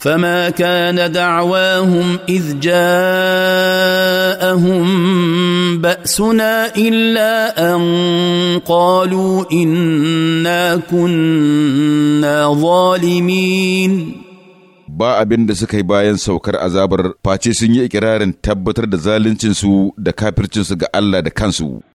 فما كان دعواهم اذ جاءهم باسنا الا ان قالوا انا كنا ظالمين ba abin da suka yi bayan saukar azabar face sun yi ikirarin tabbatar da zaluncinsu da kafircinsu ga Allah da kansu